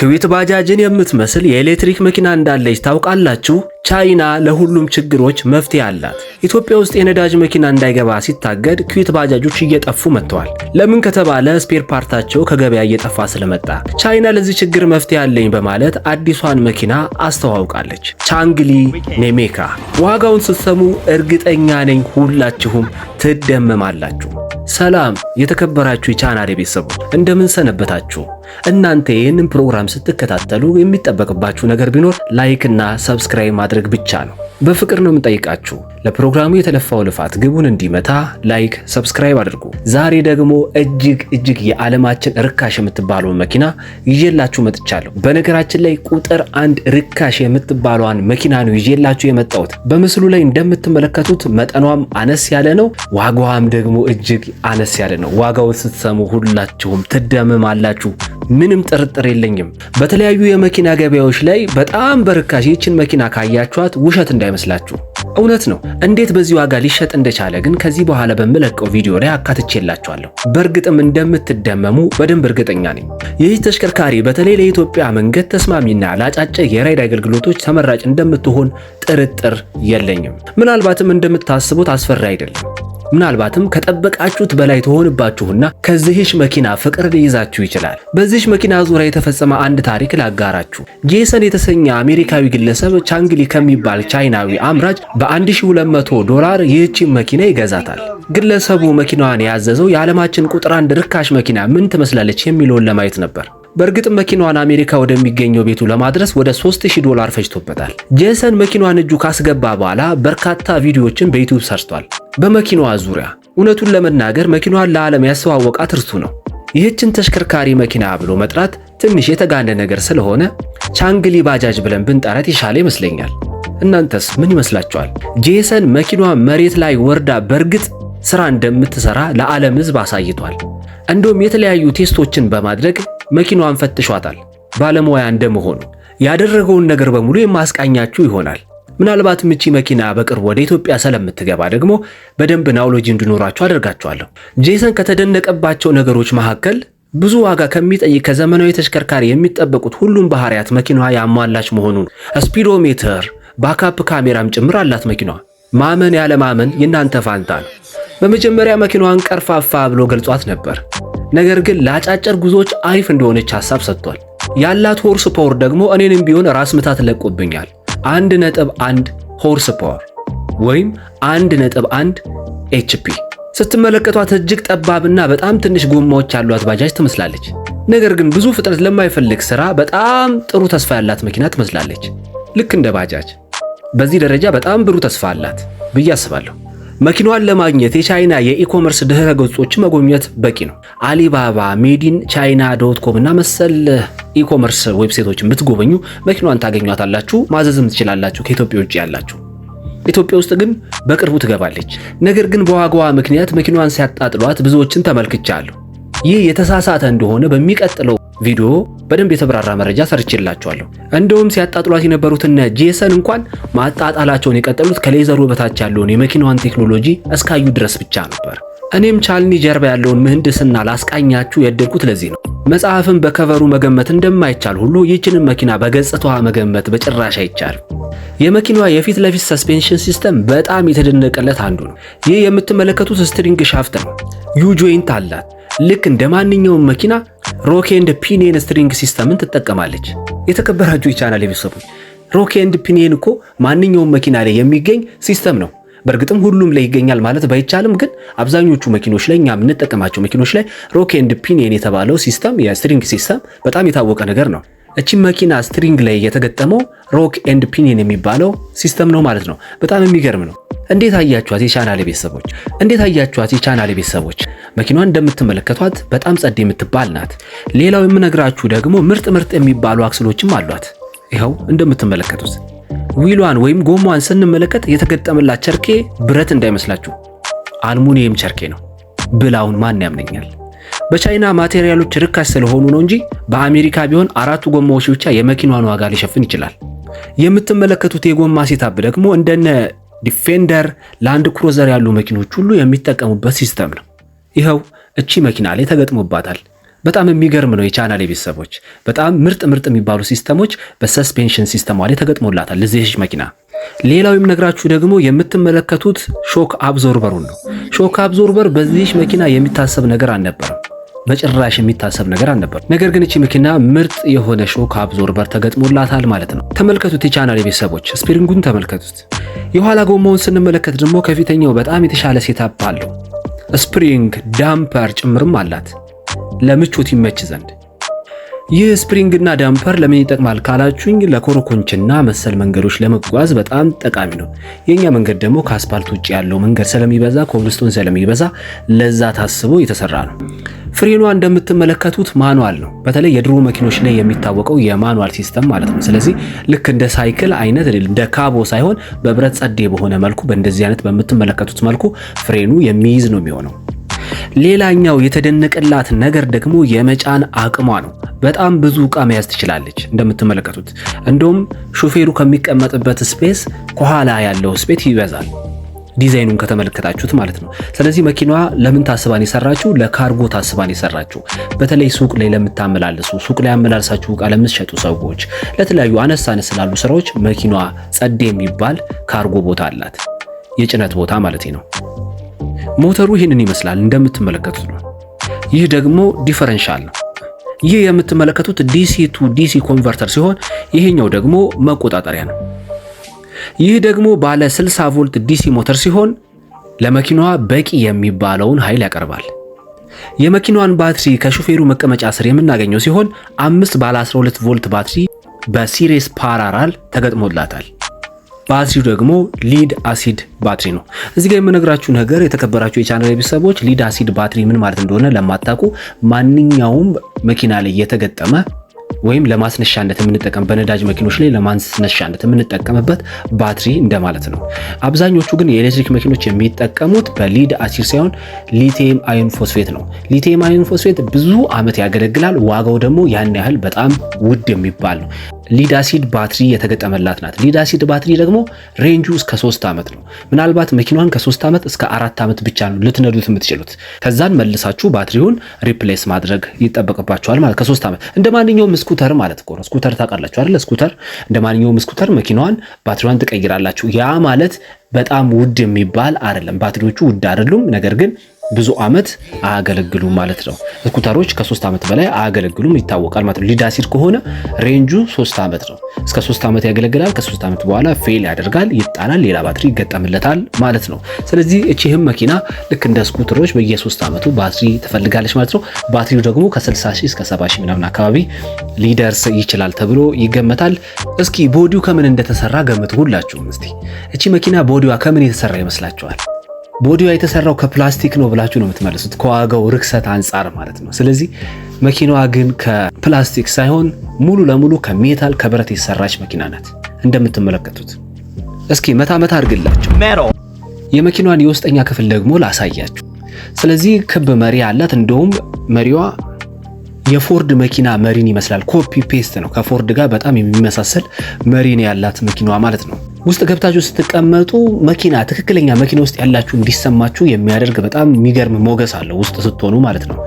ክዊት ባጃጅን የምትመስል የኤሌክትሪክ መኪና እንዳለች ታውቃላችሁ? ቻይና ለሁሉም ችግሮች መፍትሄ አላት። ኢትዮጵያ ውስጥ የነዳጅ መኪና እንዳይገባ ሲታገድ ክዊት ባጃጆች እየጠፉ መጥተዋል። ለምን ከተባለ ስፔር ፓርታቸው ከገበያ እየጠፋ ስለመጣ ቻይና ለዚህ ችግር መፍትሄ አለኝ በማለት አዲሷን መኪና አስተዋውቃለች። ቻንግሊ ኔሜካ። ዋጋውን ስትሰሙ እርግጠኛ ነኝ ሁላችሁም ትደመማላችሁ። ሰላም የተከበራችሁ የቻናሌ ቤተሰቦች እንደምን ሰነበታችሁ? እናንተ ይህንን ፕሮግራም ስትከታተሉ የሚጠበቅባችሁ ነገር ቢኖር ላይክ እና ሰብስክራይብ ማድረግ ብቻ ነው። በፍቅር ነው የምንጠይቃችሁ። ለፕሮግራሙ የተለፋው ልፋት ግቡን እንዲመታ ላይክ፣ ሰብስክራይብ አድርጉ። ዛሬ ደግሞ እጅግ እጅግ የዓለማችን ርካሽ የምትባለውን መኪና ይዤላችሁ መጥቻለሁ። በነገራችን ላይ ቁጥር አንድ ርካሽ የምትባለዋን መኪና ነው ይዤላችሁ የመጣሁት። በምስሉ ላይ እንደምትመለከቱት መጠኗም አነስ ያለ ነው፣ ዋጋዋም ደግሞ እጅግ አነስ ያለ ነው። ዋጋውን ስትሰሙ ሁላችሁም ትደምማላችሁ። ምንም ጥርጥር የለኝም። በተለያዩ የመኪና ገበያዎች ላይ በጣም በርካሽ ይችን መኪና ካያችኋት ውሸት እንዳይመስላችሁ እውነት ነው። እንዴት በዚህ ዋጋ ሊሸጥ እንደቻለ ግን ከዚህ በኋላ በምለቀው ቪዲዮ ላይ አካትቼላችኋለሁ። በእርግጥም እንደምትደመሙ በደንብ እርግጠኛ ነኝ። ይህ ተሽከርካሪ በተለይ ለኢትዮጵያ መንገድ ተስማሚና ለአጫጭ የራይድ አገልግሎቶች ተመራጭ እንደምትሆን ጥርጥር የለኝም። ምናልባትም እንደምታስቡት አስፈሪ አይደለም። ምናልባትም ከጠበቃችሁት በላይ ትሆንባችሁና ከዚህሽ መኪና ፍቅር ሊይዛችሁ ይችላል። በዚህሽ መኪና ዙሪያ የተፈጸመ አንድ ታሪክ ላጋራችሁ። ጄሰን የተሰኘ አሜሪካዊ ግለሰብ ቻንግሊ ከሚባል ቻይናዊ አምራች በ1200 ዶላር ይህችን መኪና ይገዛታል። ግለሰቡ መኪናዋን ያዘዘው የዓለማችን ቁጥር አንድ ርካሽ መኪና ምን ትመስላለች የሚለውን ለማየት ነበር። በእርግጥ መኪናዋን አሜሪካ ወደሚገኘው ቤቱ ለማድረስ ወደ 3000 ዶላር ፈጅቶበታል። ጄሰን መኪናዋን እጁ ካስገባ በኋላ በርካታ ቪዲዮዎችን በዩቲዩብ ሰርቷል። በመኪናዋ ዙሪያ እውነቱን ለመናገር መኪናዋን ለዓለም ያስተዋወቃት እርሱ ነው። ይህችን ተሽከርካሪ መኪና ብሎ መጥራት ትንሽ የተጋነ ነገር ስለሆነ ቻንግሊ ባጃጅ ብለን ብንጠራት ይሻለ ይመስለኛል። እናንተስ ምን ይመስላችኋል? ጄሰን መኪናዋ መሬት ላይ ወርዳ በእርግጥ ስራ እንደምትሰራ ለዓለም ህዝብ አሳይቷል። እንዲሁም የተለያዩ ቴስቶችን በማድረግ መኪናዋን ፈትሿታል። ባለሙያ እንደመሆኑ ያደረገውን ነገር በሙሉ የማስቃኛችሁ ይሆናል። ምናልባት ምቺ መኪና በቅርብ ወደ ኢትዮጵያ ስለምትገባ ደግሞ በደንብ ናውሎጂ እንዲኖራቸው አደርጋቸዋለሁ። ጄሰን ከተደነቀባቸው ነገሮች መካከል ብዙ ዋጋ ከሚጠይቅ ከዘመናዊ ተሽከርካሪ የሚጠበቁት ሁሉም ባህሪያት መኪናዋ ያሟላች መሆኑን ስፒዶሜትር፣ ባካፕ ካሜራም ጭምር አላት መኪናዋ። ማመን ያለ ማመን የእናንተ ፋንታ ነው። በመጀመሪያ መኪናዋን ቀርፋፋ ብሎ ገልጿት ነበር። ነገር ግን ለአጫጭር ጉዞዎች አሪፍ እንደሆነች ሐሳብ ሰጥቷል። ያላት ሆርስ ፖወር ደግሞ እኔንም ቢሆን ራስ ምታት ለቆብኛል አንድ ነጥብ አንድ ሆርስ ፓወር ወይም አንድ ነጥብ አንድ ኤችፒ። ስትመለከቷት እጅግ ጠባብና በጣም ትንሽ ጎማዎች ያሏት ባጃጅ ትመስላለች። ነገር ግን ብዙ ፍጥነት ለማይፈልግ ስራ በጣም ጥሩ ተስፋ ያላት መኪና ትመስላለች። ልክ እንደ ባጃጅ በዚህ ደረጃ በጣም ብሩህ ተስፋ አላት ብዬ አስባለሁ። መኪናዋን ለማግኘት የቻይና የኢኮመርስ ድህረ ገጾች መጎብኘት በቂ ነው። አሊባባ፣ ሜዲን ቻይና ዶት ኮም እና መሰል ኢኮመርስ ዌብሳይቶችን ብትጎበኙ መኪናዋን ታገኟታላችሁ። ማዘዝም ትችላላችሁ ከኢትዮጵያ ውጭ ያላችሁ። ኢትዮጵያ ውስጥ ግን በቅርቡ ትገባለች። ነገር ግን በዋጋዋ ምክንያት መኪናዋን ሲያጣጥሏት ብዙዎችን ተመልክቻለሁ። ይህ የተሳሳተ እንደሆነ በሚቀጥለው ቪዲዮ በደንብ የተብራራ መረጃ ሰርችላቸዋለሁ። እንደውም ሲያጣጥሏት የነበሩትን ጄሰን እንኳን ማጣጣላቸውን የቀጠሉት ከሌዘሩ በታች ያለውን የመኪናዋን ቴክኖሎጂ እስካዩ ድረስ ብቻ ነበር። እኔም ቻልኒ ጀርባ ያለውን ምህንድስና ላስቃኛችሁ የደልኩት ለዚህ ነው። መጽሐፍን በከቨሩ መገመት እንደማይቻል ሁሉ ይህችንም መኪና በገጽታዋ መገመት በጭራሽ አይቻልም። የመኪናዋ የፊት ለፊት ሰስፔንሽን ሲስተም በጣም የተደነቀለት አንዱ ነው። ይህ የምትመለከቱት ስትሪንግ ሻፍት ነው። ዩ ጆይንት አላት። ልክ እንደ ማንኛውም መኪና ሮክ ኤንድ ፒኒየን ስትሪንግ ሲስተምን ትጠቀማለች። የተከበራችሁ የቻናል የቤተሰቦች ሮክ ኤንድ ፒኒየን እኮ ማንኛውም መኪና ላይ የሚገኝ ሲስተም ነው። በእርግጥም ሁሉም ላይ ይገኛል ማለት ባይቻልም ግን አብዛኞቹ መኪኖች ላይ እኛ የምንጠቀማቸው መኪኖች ላይ ሮክ ኤንድ ፒኒየን የተባለው ሲስተም የስትሪንግ ሲስተም በጣም የታወቀ ነገር ነው። እቺም መኪና ስትሪንግ ላይ የተገጠመው ሮክ ኤንድ ፒኒየን የሚባለው ሲስተም ነው ማለት ነው። በጣም የሚገርም ነው። እንዴት አያችኋት የቻናሌ ቤተሰቦች? እንዴት አያችኋት የቻናሌ ቤተሰቦች? መኪናዋን እንደምትመለከቷት በጣም ጸድ የምትባል ናት። ሌላው የምነግራችሁ ደግሞ ምርጥ ምርጥ የሚባሉ አክስሎችም አሏት። ይኸው እንደምትመለከቱት ዊሏን ወይም ጎማዋን ስንመለከት የተገጠመላት ቸርኬ ብረት እንዳይመስላችሁ አልሙኒየም ቸርኬ ነው። ብላውን ማን ያምነኛል? በቻይና ማቴሪያሎች ርካሽ ስለሆኑ ነው እንጂ በአሜሪካ ቢሆን አራቱ ጎማዎች ብቻ የመኪናዋን ዋጋ ሊሸፍን ይችላል። የምትመለከቱት የጎማ ሴታብ ደግሞ እንደነ ዲፌንደር፣ ላንድ ክሩዘር ያሉ መኪኖች ሁሉ የሚጠቀሙበት ሲስተም ነው። ይኸው እቺ መኪና ላይ ተገጥሞባታል። በጣም የሚገርም ነው። የቻናል ቤተሰቦች በጣም ምርጥ ምርጥ የሚባሉ ሲስተሞች በሰስፔንሽን ሲስተሟ ላይ ተገጥሞላታል ለዚህች መኪና። ሌላው የምነግራችሁ ደግሞ የምትመለከቱት ሾክ አብዞርበሩን ነው። ሾክ አብዞርበር በዚህች መኪና የሚታሰብ ነገር አልነበረም። በጭራሽ የሚታሰብ ነገር አልነበር። ነገር ግን እቺ መኪና ምርጥ የሆነ ሾክ አብዞርበር ተገጥሞላታል ማለት ነው። ተመልከቱት የቻናል ቤተሰቦች ስፕሪንጉን ተመልከቱት። የኋላ ጎማውን ስንመለከት ደግሞ ከፊተኛው በጣም የተሻለ ሴታፕ አለው። ስፕሪንግ ዳምፐር ጭምርም አላት ለምቾት ይመች ዘንድ። ይህ ስፕሪንግና ዳምፐር ለምን ይጠቅማል ካላችሁኝ፣ ለኮረኮንችና መሰል መንገዶች ለመጓዝ በጣም ጠቃሚ ነው። የእኛ መንገድ ደግሞ ከአስፓልት ውጭ ያለው መንገድ ስለሚበዛ፣ ኮብልስቶን ስለሚበዛ ለዛ ታስቦ የተሰራ ነው። ፍሬኗ እንደምትመለከቱት ማኑዋል ነው። በተለይ የድሮ መኪኖች ላይ የሚታወቀው የማኑዋል ሲስተም ማለት ነው። ስለዚህ ልክ እንደ ሳይክል አይነት እንደ ካቦ ሳይሆን በብረት ጸዴ በሆነ መልኩ በእንደዚህ አይነት በምትመለከቱት መልኩ ፍሬኑ የሚይዝ ነው የሚሆነው። ሌላኛው የተደነቀላት ነገር ደግሞ የመጫን አቅሟ ነው። በጣም ብዙ እቃ መያዝ ትችላለች እንደምትመለከቱት። እንደውም ሹፌሩ ከሚቀመጥበት ስፔስ ከኋላ ያለው ስፔስ ይበዛል። ዲዛይኑን ከተመለከታችሁት ማለት ነው። ስለዚህ መኪናዋ ለምን ታስባን ይሰራችሁ ለካርጎ ታስባን ይሰራችሁ በተለይ ሱቅ ላይ ለምታመላልሱ ሱቅ ላይ አመላልሳችሁ እቃ ለምትሸጡ ሰዎች ለተለያዩ አነስ አነስ ላሉ ስራዎች መኪናዋ ጸዴ የሚባል ካርጎ ቦታ አላት። የጭነት ቦታ ማለት ነው። ሞተሩ ይህንን ይመስላል እንደምትመለከቱት ነው። ይህ ደግሞ ዲፈረንሻል ነው። ይህ የምትመለከቱት ዲሲ ቱ ዲሲ ኮንቨርተር ሲሆን ይሄኛው ደግሞ መቆጣጠሪያ ነው። ይህ ደግሞ ባለ 60 ቮልት ዲሲ ሞተር ሲሆን ለመኪናዋ በቂ የሚባለውን ኃይል ያቀርባል። የመኪናዋን ባትሪ ከሹፌሩ መቀመጫ ስር የምናገኘው ሲሆን አምስት ባለ 12 ቮልት ባትሪ በሲሪስ ፓራራል ተገጥሞላታል። ባትሪው ደግሞ ሊድ አሲድ ባትሪ ነው። እዚህ ጋር የምነግራችሁ ነገር የተከበራችሁ የቻናል ቤተሰቦች ሊድ አሲድ ባትሪ ምን ማለት እንደሆነ ለማታውቁ ማንኛውም መኪና ላይ የተገጠመ ወይም ለማስነሻነት የምንጠቀም በነዳጅ መኪኖች ላይ ለማስነሻነት የምንጠቀምበት ባትሪ እንደማለት ነው። አብዛኞቹ ግን የኤሌክትሪክ መኪኖች የሚጠቀሙት በሊድ አሲድ ሳይሆን ሊቲየም አዮን ፎስፌት ነው። ሊቲየም አዮን ፎስፌት ብዙ ዓመት ያገለግላል። ዋጋው ደግሞ ያን ያህል በጣም ውድ የሚባል ነው። ሊዳሲድ ባትሪ የተገጠመላት ናት። ሊዳሲድ ባትሪ ደግሞ ሬንጁ እስከ 3 ዓመት ነው። ምናልባት መኪናዋን ከሶስት ዓመት እስከ አራት ዓመት ብቻ ነው ልትነዱት የምትችሉት። ከዛን መልሳችሁ ባትሪውን ሪፕሌስ ማድረግ ይጠበቅባችኋል ማለት ከ3 ዓመት እንደ ማንኛውም ስኩተር ማለት እኮ ነው። ስኩተር ታውቃላችሁ አይደል? ስኩተር እንደ ማንኛውም ስኩተር መኪናዋን ባትሪዋን ትቀይራላችሁ። ያ ማለት በጣም ውድ የሚባል አይደለም። ባትሪዎቹ ውድ አይደሉም፣ ነገር ግን ብዙ አመት አያገለግሉም ማለት ነው። ስኩተሮች ከሶስት ዓመት በላይ አያገለግሉም ይታወቃል ማለት ነው። ሊዳሲድ ከሆነ ሬንጁ ሶስት ዓመት ነው። እስከ ሶስት ዓመት ያገለግላል። ከሶስት ዓመት በኋላ ፌል ያደርጋል፣ ይጣላል፣ ሌላ ባትሪ ይገጠምለታል ማለት ነው። ስለዚህ እቺህም መኪና ልክ እንደ ስኩተሮች በየሶስት ዓመቱ ባትሪ ትፈልጋለች ማለት ነው። ባትሪው ደግሞ ከ60 ሺህ እስከ 70 ሺህ ምናምን አካባቢ ሊደርስ ይችላል ተብሎ ይገመታል። እስኪ ቦዲው ከምን እንደተሰራ ገምት ሁላችሁም እስቲ። እቺ መኪና ቦዲዋ ከምን የተሰራ ይመስላችኋል? ቦዲዋ የተሰራው ከፕላስቲክ ነው ብላችሁ ነው የምትመልሱት፣ ከዋጋው ርክሰት አንጻር ማለት ነው። ስለዚህ መኪናዋ ግን ከፕላስቲክ ሳይሆን ሙሉ ለሙሉ ከሜታል ከብረት የተሰራች መኪና ናት። እንደምትመለከቱት እስኪ መታ መታ አድርግላቸው። የመኪናዋን የውስጠኛ ክፍል ደግሞ ላሳያችሁ። ስለዚህ ክብ መሪ አላት። እንደውም መሪዋ የፎርድ መኪና መሪን ይመስላል። ኮፒ ፔስት ነው። ከፎርድ ጋር በጣም የሚመሳሰል መሪን ያላት መኪናዋ ማለት ነው። ውስጥ ገብታችሁ ስትቀመጡ መኪና ትክክለኛ መኪና ውስጥ ያላችሁ እንዲሰማችሁ የሚያደርግ በጣም የሚገርም ሞገስ አለው ውስጥ ስትሆኑ ማለት ነው።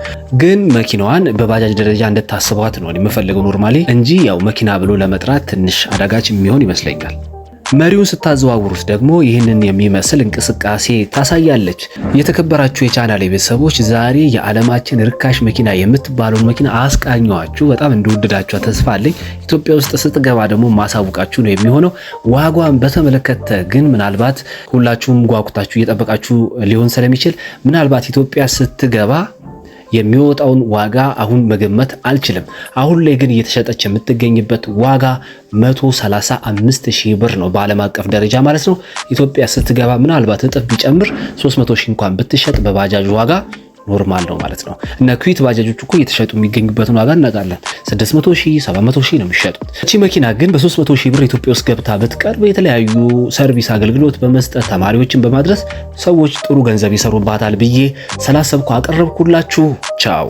ግን መኪናዋን በባጃጅ ደረጃ እንድታስቧት ነው የምፈልገው ኖርማሊ እንጂ ያው መኪና ብሎ ለመጥራት ትንሽ አዳጋች የሚሆን ይመስለኛል። መሪውን ስታዘዋውሩት ደግሞ ይህንን የሚመስል እንቅስቃሴ ታሳያለች። የተከበራችሁ የቻናል ቤተሰቦች ዛሬ የዓለማችን ርካሽ መኪና የምትባለውን መኪና አስቃኘዋችሁ። በጣም እንደወደዳችሁ ተስፋ አለኝ። ኢትዮጵያ ውስጥ ስትገባ ደግሞ ማሳውቃችሁ ነው የሚሆነው። ዋጓን በተመለከተ ግን ምናልባት ሁላችሁም ጓጉታችሁ እየጠበቃችሁ ሊሆን ስለሚችል ምናልባት ኢትዮጵያ ስትገባ የሚወጣውን ዋጋ አሁን መገመት አልችልም። አሁን ላይ ግን እየተሸጠች የምትገኝበት ዋጋ 135 ሺህ ብር ነው በዓለም አቀፍ ደረጃ ማለት ነው። ኢትዮጵያ ስትገባ ምናልባት እጥፍ ቢጨምር 300 ሺህ እንኳን ብትሸጥ በባጃጅ ዋጋ ኖርማል ነው ማለት ነው። እና ኩዊት ባጃጆች እኮ እየተሸጡ የሚገኙበትን ዋጋ እናውቃለን። 600 ሺህ 700 ሺህ ነው የሚሸጡት። እቺ መኪና ግን በ300 ሺህ ብር ኢትዮጵያ ውስጥ ገብታ ብትቀርብ የተለያዩ ሰርቪስ አገልግሎት በመስጠት ተማሪዎችን በማድረስ ሰዎች ጥሩ ገንዘብ ይሰሩባታል ብዬ ስላሰብኩ አቀረብኩላችሁ። ቻው